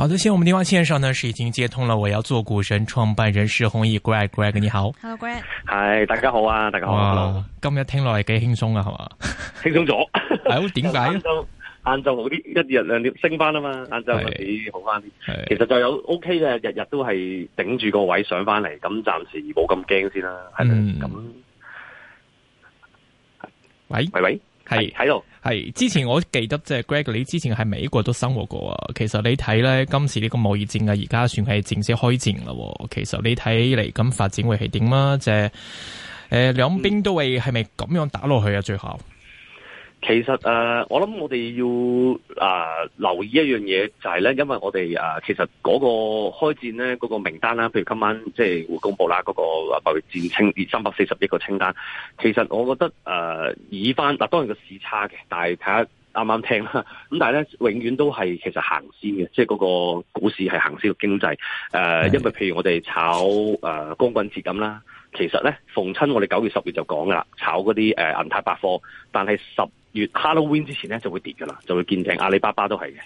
好的，先我們電話線上呢是已經接通了。我要做股神創辦人施宏毅 Greg, Greg，Greg 你好，Hello Greg，係大家好啊，大家好，哇今日聽落係幾輕鬆啊，係嘛，輕鬆咗，係、 哎、 點解？晏晝好啲，一日兩點升翻啦嘛，晏晝幾好翻啲，其實就有 OK 嘅，日日都係頂住個位上翻嚟，咁暫時冇咁驚先啦，係咪咁？喂喂、嗯、那喂。喂係喺度，係之前我記得即係 Greg，你之前喺美國都生活過啊。其實你睇咧，今次呢個貿易戰啊，而家算係正式開戰啦。其實你睇嚟咁發展會係點啊？即係誒，兩邊都會係咪咁樣打落去啊？最後是是？其實誒、呃，我諗我哋要誒、呃、留意一樣嘢，就係咧，因為我哋誒、呃，其實嗰個開戰咧，嗰、那個名單啦，譬如今晚即係會公布啦，嗰、那個百月戰清三百四十億個清單。其實我覺得誒、呃，以翻嗱，當然個市差嘅，但係睇下啱啱聽啦。咁但係咧，永遠都係其實行先嘅，即係嗰個股市係行先嘅經濟。誒、呃，的因為譬如我哋炒誒、呃、光棍節咁啦，其實咧逢親我哋九月十月就講㗎啦，炒嗰啲誒銀泰百貨，但係十月 Halloween 之前咧就會跌噶啦，就會見成阿里巴巴都係嘅。咁、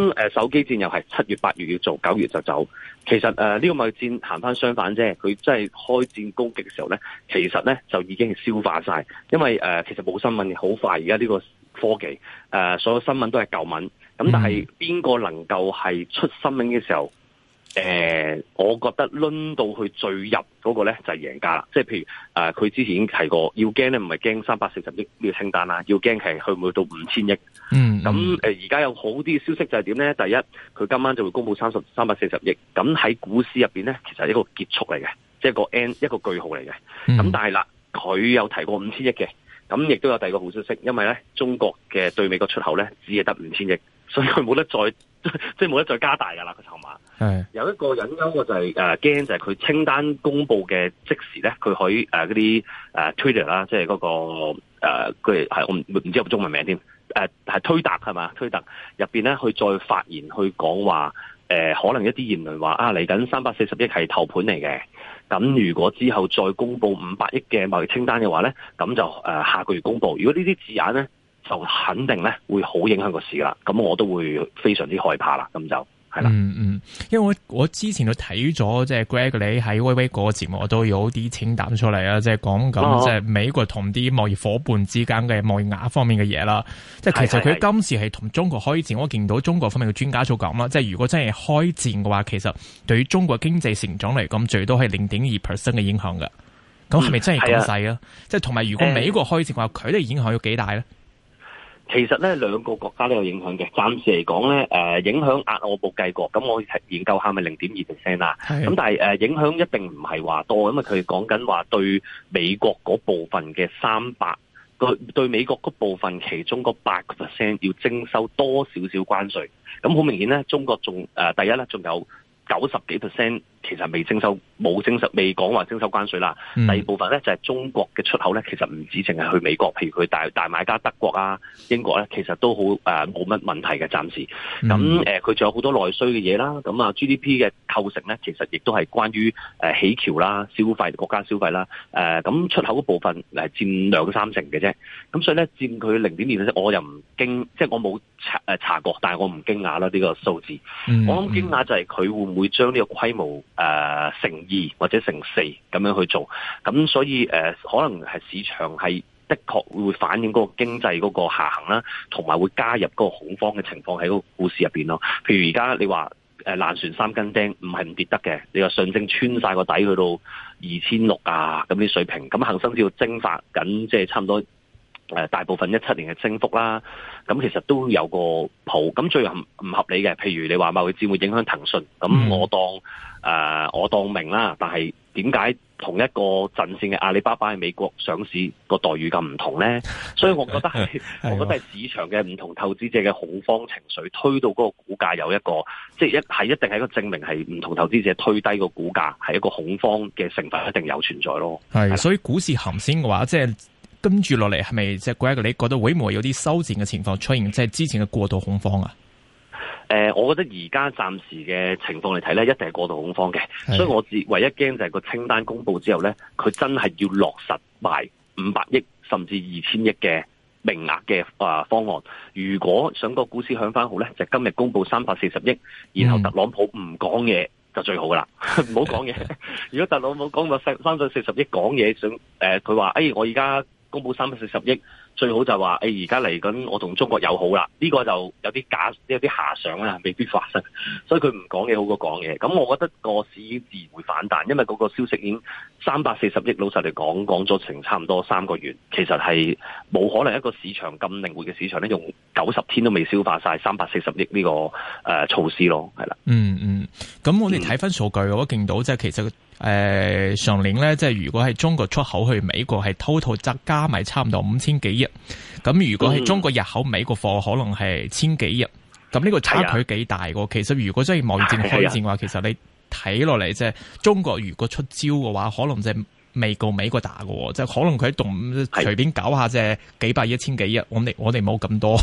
嗯呃、手機戰又係七月八月要做，九月就走。其實誒呢、呃這個貿易戰行翻相反啫。佢真係開戰攻擊嘅時候咧，其實咧就已經係消化曬。因為誒、呃、其實冇新聞嘅好快，而家呢個科技誒、呃、所有新聞都係舊聞。咁、呃、但係邊個能夠係出新聞嘅時候？誒、呃，我覺得輪到去最入嗰個咧就係、是、贏家啦，即係譬如誒，佢、呃、之前已經提過，要驚咧唔係驚三百四十億呢個清單啦，要驚係去唔去到五千億。嗯，咁誒而家有好啲消息就係點咧？第一，佢今晚就會公布三十三百四十億，咁喺股市入邊咧，其實係一個結束嚟嘅，即係個 N 一個句號嚟嘅。咁、嗯、但係啦，佢有提過五千億嘅，咁亦都有第二個好消息，因為咧中國嘅對美國出口咧只係得五千億。.所以佢冇得再即即冇得再加大噶啦個籌碼。係是有一個隱憂，就係，我、啊、就係誒驚就係佢清單公布嘅即時咧，佢喺誒嗰啲誒 Twitter 啦，即係嗰、那個誒佢係我唔知有冇中文名添。誒、呃、係推特係嘛？推特入邊咧佢再發言去講話誒、呃，可能一啲言論話啊嚟緊三百四十億係頭盤嚟嘅。咁如果之後再公布五百億嘅貿易清單嘅話咧，咁就誒、呃、下個月公布。如果呢啲字眼咧？就肯定咧，會好影響個市啦。咁我都會非常之害怕啦。咁就係啦。嗯嗯，因為我我之前都睇咗即係 Gregory 喺威威嗰個節目，都有啲淺談出嚟啦。即係講緊，即係美國同啲貿易夥伴之間嘅貿易額方面嘅嘢啦。即係其實佢今次係同中國開戰，我見到中國方面嘅專家就講啦，即係如果真係開戰嘅話，其實對於中國經濟成長嚟講，最多係零點二 percent 嘅影響噶。咁係咪真係咁細啊？即係同埋，嗯嗯，如果美國開戰話，佢哋影響有幾大咧？其實咧兩個國家都有影響嘅，暫時嚟講咧，誒影響額我冇計過，咁我係研究下咪零點二 percent 啦。咁但係誒影響一定唔係話多，因為佢講緊話對美國嗰部分嘅三百對對美國嗰部分其中嗰八個 percent 要徵收多少少關稅。咁好明顯咧，中國仲誒第一咧仲有。九十幾 percent 其實未徵收，冇徵收，未講話徵收關稅啦。嗯、第二部分咧就係、是、中國嘅出口咧，其實唔止淨係去美國，譬如佢大大買家德國啊、英國咧，其實都好誒冇乜問題嘅暫時。咁誒佢仲有好多內需嘅嘢啦。咁啊 GDP 嘅構成咧，其實亦都係關於誒、呃、起橋啦、消費國家消費啦。誒、呃、咁出口嗰部分誒佔兩三成嘅啫。咁所以咧佔佢零點二 percent 我又唔驚，即、就、係、是、我冇查、呃、查過，但係我唔驚訝啦呢、這個數字。嗯、我諗驚訝就係佢會唔會？會將呢個規模誒乘、呃、二或者乘四咁樣去做，咁所以誒、呃、可能係市場係的確會反映嗰個經濟嗰個下行啦，同埋會加入嗰個恐慌嘅情況喺個股市入邊咯。譬如而家你話誒爛船三根釘，唔係唔跌得嘅。你話上證穿曬個底去到二千六啊，咁啲水平，咁恆生要蒸發緊，即、就、係、是、差唔多。誒、呃，大部分一七年嘅升幅啦，咁其實都有個譜，咁最唔合理嘅，譬如你話貿易戰只會影響騰訊，咁我當誒、呃、我當明啦，但係點解同一個陣線嘅阿里巴巴喺美國上市個待遇咁唔同咧？所以我覺得係， 的我覺得係市場嘅唔同投資者嘅恐慌情緒，推到嗰個股價有一個，即係一係一定係一個證明，係唔同投資者推低個股價，係一個恐慌嘅成分一定有存在咯。係的，的所以股市行先嘅話，即係。跟住落嚟係咪即係 Greg 你覺得會唔會有啲收展嘅情況出現？即、就、係、是、之前嘅過度恐慌啊？誒、呃，我覺得而家暫時嘅情況嚟睇咧，一定係過度恐慌嘅。是所以我只唯一驚就係個清單公布之後咧，佢真係要落實埋五百億甚至二千億嘅名額嘅啊方案。如果想個股市向翻好咧，就今日公布三百四十億，然後特朗普唔講嘢就最好噶啦，唔好講嘢。 如果特朗普講個三三百四十億講嘢，想誒佢話誒我而家。公布三百四十億，最好就話，誒、欸，而家嚟緊，我同中國友好啦，呢個就有啲假，有啲遐想啦，未必發生。所以佢唔講嘢好過講嘢。咁我覺得個市自然會反彈，因為嗰個消息已經三百四十億，老實嚟講，講咗成差唔多三個月，其實係冇可能一個市場咁靈活嘅市場，咧用九十天都未消化晒三百四十億呢個誒措施咯，係啦、嗯。嗯嗯，咁我哋睇翻數據，我見到即係其實。誒、呃，上年咧，即係如果係中國出口去美國係 total 則加埋差唔多五千幾億，咁如果係中國入口美國貨，可能係千幾億，咁呢個差距幾大㗎。哎、呀其實如果真係貿易戰開戰嘅話，哎、呀其實你睇落嚟即係中國如果出招嘅話，可能就未夠美，美國打嘅，即係可能佢喺度隨、哎、呀便搞下即係幾百一千幾億，我哋我哋冇咁多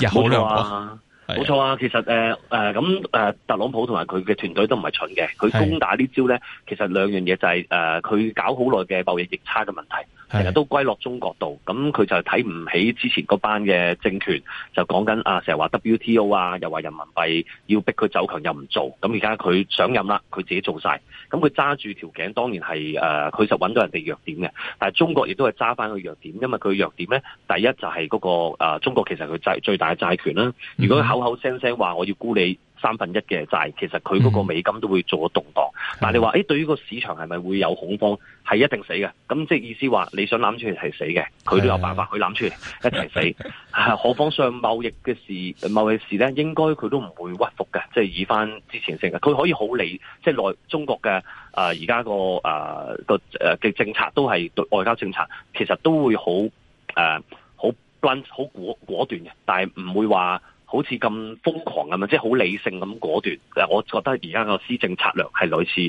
入口量。冇錯啊，其實誒誒咁誒，特朗普同埋佢嘅團隊都唔係蠢嘅，佢攻打呢招咧，其實兩樣嘢就係誒，佢搞好耐嘅貿易逆差嘅問題。成日是都歸落中國度，咁佢就睇唔起之前嗰班嘅政權，就講緊啊，成日話 WTO 啊，又話人民幣要逼佢走強又唔做，咁而家佢上任啦，佢自己做晒。咁佢揸住條頸，當然係誒，佢就搵到人哋弱點嘅，但係中國亦都係揸翻個弱點，因為佢弱點咧，第一就係嗰、那個、呃、中國其實佢債最大嘅債權啦，如果口口聲聲話我要沽你。三分一嘅債其實佢嗰個美金都會做動盪。但係你話，誒、嗯、對於個市場係咪會有恐慌？係一定死嘅。咁即係意思話，你想攬出嚟係死嘅，佢都有辦法，佢攬、哎啊、出嚟一齊死。可況上貿易嘅事，貿易事咧，應該佢都唔會屈服嘅，即係以翻之前性嘅。佢可以好理，即係內中國嘅啊，而家個啊個嘅政策都係對外交政策，其實都會好誒好、呃、blunt，好果果斷嘅，但係唔會話。好似咁瘋狂，咁即係好理性咁果斷。我覺得而家個施政策略係類似，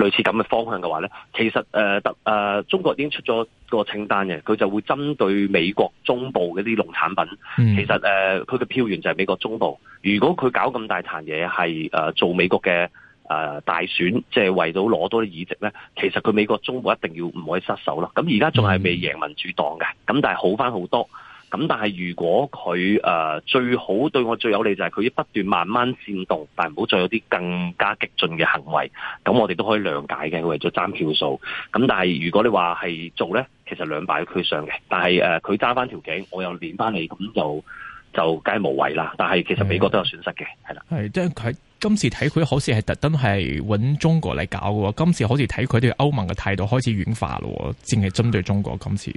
類似咁嘅方向嘅話咧，其實誒特、呃呃、中國已經出咗個清單嘅，佢就會針對美國中部嗰啲農產品。嗯、其實誒，佢、呃、嘅票源就係美國中部。如果佢搞咁大壇嘢係誒做美國嘅誒、呃、大選，即、就、係、是、為到攞多啲議席咧，其實佢美國中部一定要唔可以失手啦。咁而家仲係未贏民主黨嘅，咁、嗯、但係好翻好多。咁但係如果佢誒最好對我最有利就係佢不斷慢慢煽動，但係唔好再有啲更加激進嘅行為。咁我哋都可以諒解嘅，佢為咗爭票數。咁但係如果你話係做呢，其實兩敗俱傷嘅。但係誒佢揸翻條頸，我又連翻你，咁就就皆無謂啦。但係其實美國都有損失嘅，係啦。係即係佢今次睇佢好似係特登係搵中國嚟搞喎。今次好似睇佢對歐盟嘅態度開始軟化咯，淨係針對中國今次。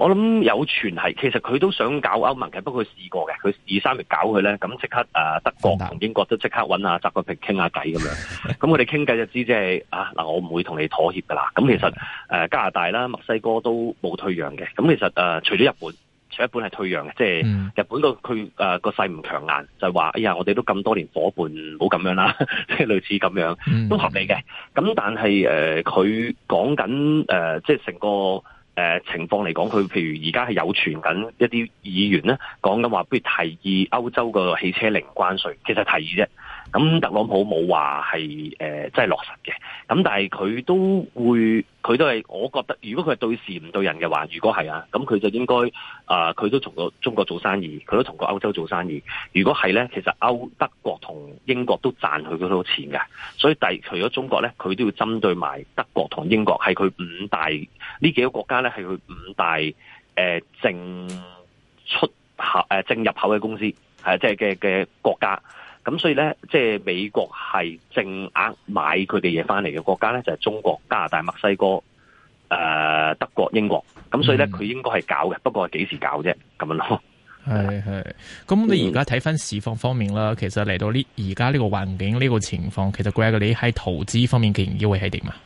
我諗有傳係，其實佢都想搞歐盟嘅，不過佢試過嘅，佢二三月搞佢咧，咁即刻誒、啊、德國同英國都即刻揾阿習近平傾下偈咁樣，咁佢哋傾偈就知即係啊嗱，我唔會同你妥協噶啦。咁其實誒、啊、加拿大啦、墨西哥都冇退讓嘅。咁其實誒、啊、除咗日本，除日本、就是、日本係退讓嘅，即係日本個佢誒個勢唔強硬，就話哎呀，我哋都咁多年伙伴，唔好咁樣啦，即 係類似咁樣都合理嘅。咁、嗯、但係佢講緊即係成個。誒、呃、情況嚟講，佢譬如而家係有傳緊一啲議員咧講緊話，不如提議歐洲個汽車零關稅，其實是提議啫。咁特朗普冇話係誒，即、呃、係落實嘅。咁但係佢都會，佢都係，我覺得如果佢係對事唔對人嘅話，如果係啊，咁佢就應該啊，佢、呃、都同過中國做生意，佢都同過歐洲做生意。如果係呢，其實歐德國同英國都賺佢好多錢嘅。所以第除咗中國呢，佢都要針對埋德國同英國，係佢五大呢幾個國家呢，係佢五大誒、呃、正出口誒、呃、正入口嘅公司，係、呃、即係嘅嘅國家。咁所以咧，即係美國係正額買佢哋嘢翻嚟嘅國家咧，就係、是、中國、加拿大、墨西哥、誒、呃、德國、英國。咁所以咧，佢應該係搞嘅，不過係幾時搞啫？咁樣咯。係係、嗯。咁、嗯、你而家睇翻市況方面啦，其實嚟到呢而家呢個環境呢、這個情況，其實 Gregory 喺投資方面嘅研究會係點啊？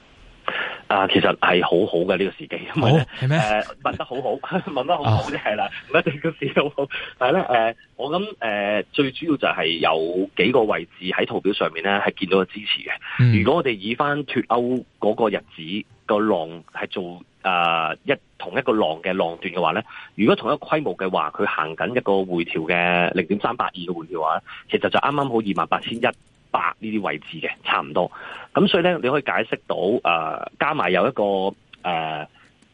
啊，其實係好好嘅呢個時機，因為，係咩？咧，誒、呃，問得好好， 問得好好啫，係啦，唔一定個市好好，但係咧，誒，我諗，誒、呃，最主要就係有幾個位置喺圖表上面咧係見到個支持嘅。Mm. 如果我哋以翻脫歐嗰個日子、個浪係做誒、呃、一同一個浪嘅浪段嘅話咧，如果同一規模嘅話，佢行緊一個回調嘅零點三八二嘅回調話其實就啱啱好二萬八千一。八呢啲位置嘅差唔多，咁所以咧你可以解釋到，誒、呃、加埋有一個誒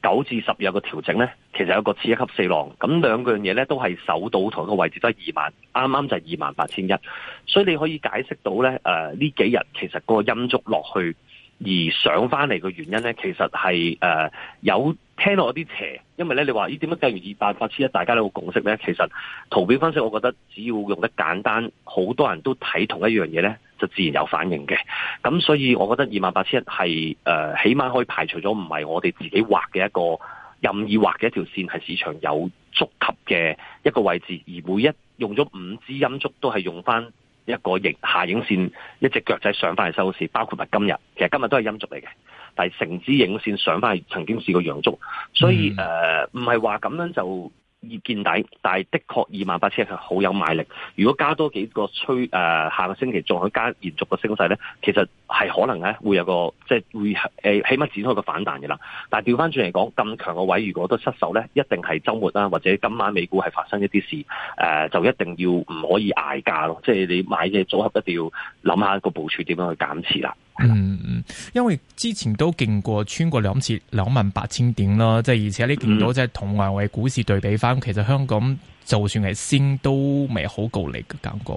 九至十有個調整咧，其實有個次一級四浪，咁兩個樣嘢咧都係守到同一個位置，都、就、係、是、二萬，啱啱就係二萬八千一，所以你可以解釋到咧，誒、呃、呢幾日其實個音足落去而上翻嚟嘅原因咧，其實係誒、呃、有聽到有啲邪，因為咧你話咦點解計完二萬八千一，大家都有共識咧，其實圖表分析我覺得只要用得簡單，好多人都睇同一樣嘢咧。就自然有反應嘅，咁所以我覺得二萬八千一係，誒，起碼可以排除咗唔係我哋自己畫嘅一個任意畫嘅一條線，係市場有觸及嘅一個位置。而每一用咗五支陰燭，都係用翻一個影下影線一隻腳仔上翻嚟收市，包括埋今日。其實今日都係陰燭嚟嘅，但係成支影線上翻嚟曾經試過陽燭，所以誒唔係話咁樣就。易見底，但係的確二萬八千係好有買力。如果加多幾個催誒、呃，下個星期仲再加延續個升勢咧，其實係可能咧會有個即係會誒起碼展開個反彈嘅啦。但係調翻轉嚟講，咁強個位如果都失手咧，一定係周末啦，或者今晚美股係發生一啲事誒、呃，就一定要唔可以捱價咯。即係你買嘅組合一定要諗下個部署點樣去減持啦。嗯嗯，因為之前都見過穿過兩次兩萬八千點啦，即係而且你見到即係同外圍股市對比翻，其實香港就算係升都未好夠力嘅感覺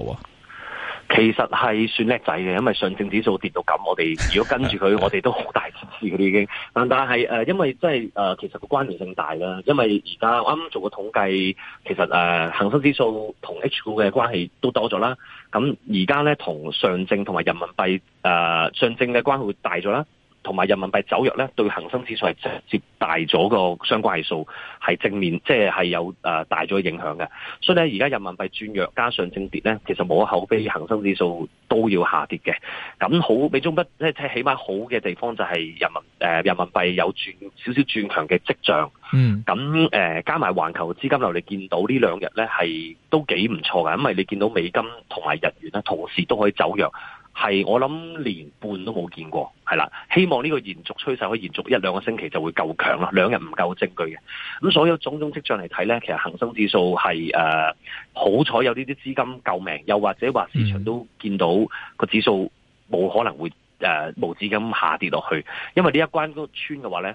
其實係算叻仔嘅，因為上證指數跌到咁，我哋如果跟住佢，我哋都好大損失嘅都已經。但但係誒，因為即係誒，其實個關聯性大啦。因為而家我啱啱做個統計，其實誒恒、呃、生指數同 H 股嘅關係都多咗啦。咁而家咧，同上證同埋人民幣誒、呃、上證嘅關係會大咗啦。同埋人民幣走弱咧，對恒生指數係直接大咗個相關係數，係正面，即係係有誒大咗影響嘅。所以咧，而家人民幣轉弱，加上正跌咧，其實冇口飛恒生指數都要下跌嘅。咁好，美中不即係起碼好嘅地方就係人民誒、呃、人民幣有轉少少轉強嘅跡象。嗯、mm.，咁、呃、加埋環球資金流，你見到兩呢兩日咧係都幾唔錯嘅，因為你見到美金同埋日元咧同時都可以走弱。係我諗連半都冇見過，係啦。希望呢個延續趨勢可以延續一兩個星期就會夠強咯，兩日唔夠證據嘅。咁所有種種跡象嚟睇呢，其實恒生指數係誒、呃、好彩有呢啲資金救命，又或者話市場都見到個指數冇可能會誒、呃、無止咁下跌落去，因為呢一關都穿嘅話呢。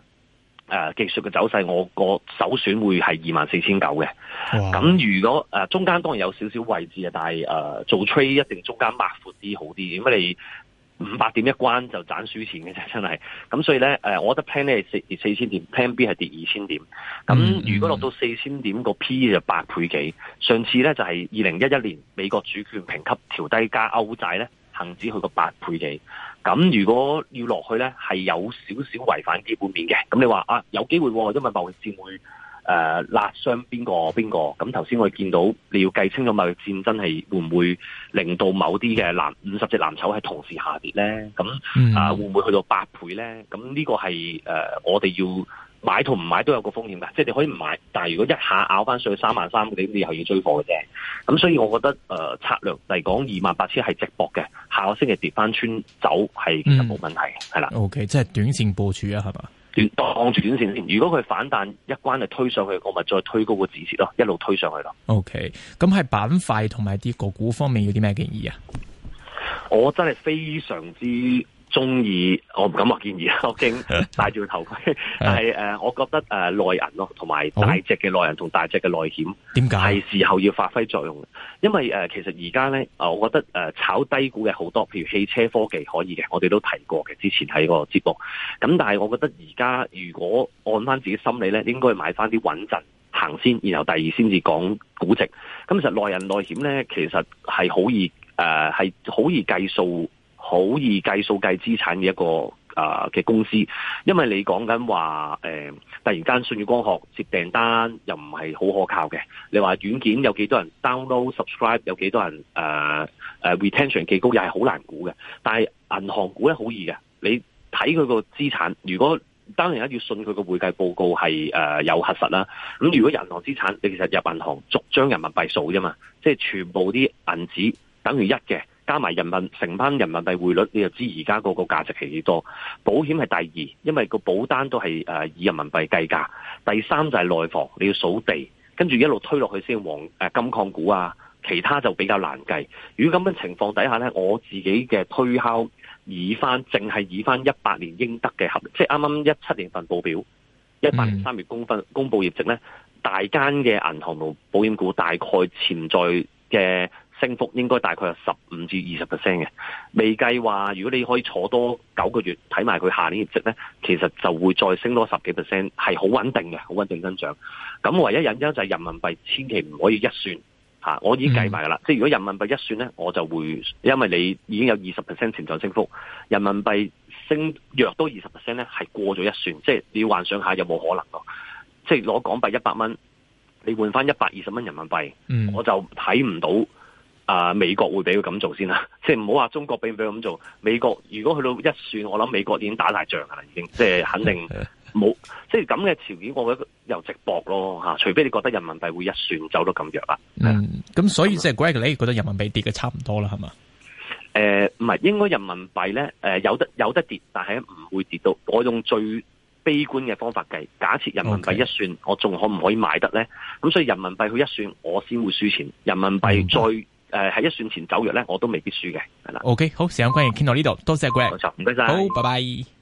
誒，uh, 技術嘅走勢，我個首選會係二萬四千九嘅。咁哇如果誒、呃、中間當然有少少位置啊，但係誒、呃、做 trade 一定中間買闊啲好啲。點解你五百點一關就斬輸錢嘅啫，真係。咁所以咧，誒，我覺得 plan 咧跌四千點，plan B 係跌二千點。咁、嗯、如果落到四千點，個 P 就八倍幾。嗯、上次咧就係二零一一年美國主權評級調低加歐債咧，恒指去個八倍幾。咁如果要落去咧，係有少少違反基本面嘅。咁你話啊，有機會因為貿易戰會誒拉傷邊個邊個？咁頭先我見到你要計清楚貿易戰真係會唔會令到某啲嘅藍五十隻藍籌係同時下跌咧？咁啊會唔會去到八倍咧？咁呢個係誒、呃、我哋要買同唔買都有個風險嘅，即、就、係、是、你可以唔買，但係如果一下咬翻上去三萬三，你你又要追貨嘅啫。咁所以，我覺得誒、呃、策略嚟講，二萬八千係直搏嘅，下個星期跌返穿走係其實冇問題，係啦、嗯。的 o、okay, K，即係短線部署啊，係嘛？當住短線先，如果佢反彈一關，係推上去，我咪再推高個止蝕咯，一路推上去咯。O K，咁喺板塊同埋啲個股方面要啲咩建議啊？我真係非常之。中意我唔敢話建議，我驚戴住個頭盔。但係誒，我覺得誒內銀咯，同埋大隻嘅內銀同大隻嘅內險，點解係時候要發揮作用？因為誒，其實而家咧，我覺得誒、呃 呃呃、炒低股嘅好多，譬如汽車科技可以嘅，我哋都提過嘅，之前喺個節目。咁但係我覺得而家如果按翻自己心理咧，應該買翻啲穩陣行先，然後第二先至講估值。咁其實內銀內險咧，其實係好易誒，係、呃、好易計數。好易計數計資產嘅一個誒嘅、呃、公司，因為你講緊話誒突然間信宇光學接訂單又唔係好可靠嘅，你話軟件有幾多人 download subscribe 有幾多人誒誒、呃啊、retention 幾高，又係好難估嘅。但係銀行估咧好易嘅，你睇佢個資產，如果當然一定要信佢個會計報告係誒、呃、有核實啦。咁如果銀行資產，你其實入銀行逐張人民幣數啫嘛，即係全部啲銀紙等於一嘅。加埋人民成班人民幣匯率，你就知而家嗰個價值係幾多。保險係第二，因為個保單都係誒以人民幣計價。第三就係內房，你要數地，跟住一路推落去先黃誒金礦股啊。其他就比較難計。如果咁樣情況底下呢，我自己嘅推敲，以返翻，淨係以翻一八年應得嘅合，即係啱啱一七年份報表，一八年三月公分、嗯、公佈業績呢，大間嘅銀行同保險股大概潛在嘅升幅應該大概係十五至二十 percent 嘅，未計話如果你可以坐多九個月睇埋佢下年業績咧，其實就會再升多十幾 percent，係好穩定嘅，好穩定增長。咁唯一隱憂就係人民幣千祈唔可以一算嚇，我已計埋啦。嗯、即係如果人民幣一算咧，我就會因為你已經有二十 percent 潛在升幅，人民幣升若多二十 percent 咧，係過咗一算，即係你要幻想下有冇可能咯？即係攞港幣一百蚊，你換翻一百二十蚊人民幣，嗯、我就睇唔到。啊！美國會俾佢咁做先啦，即係唔好話中國俾唔俾佢咁做。美國如果去到一算，我諗美國已經打大仗啦，已經即係肯定冇。 即係咁嘅條件，我覺得又值博咯吓。除非你覺得人民幣會一算走到咁弱啦。咁、嗯、是所以即係 Gregory 覺得人民幣跌嘅差唔多啦，係嘛？誒、呃，唔係，應該人民幣咧誒有得有得跌，但係唔會跌到。我用最悲觀嘅方法計，假設人民幣一, Okay. 一算，我仲可唔可以買得咧？咁所以人民幣去一算，我先會輸錢。人民幣再。 誒，喺、呃、一算前走弱咧，我都未必輸嘅。係啦，OK，好，時間關係傾到呢度，多謝各位，冇錯，唔該晒，好，拜拜。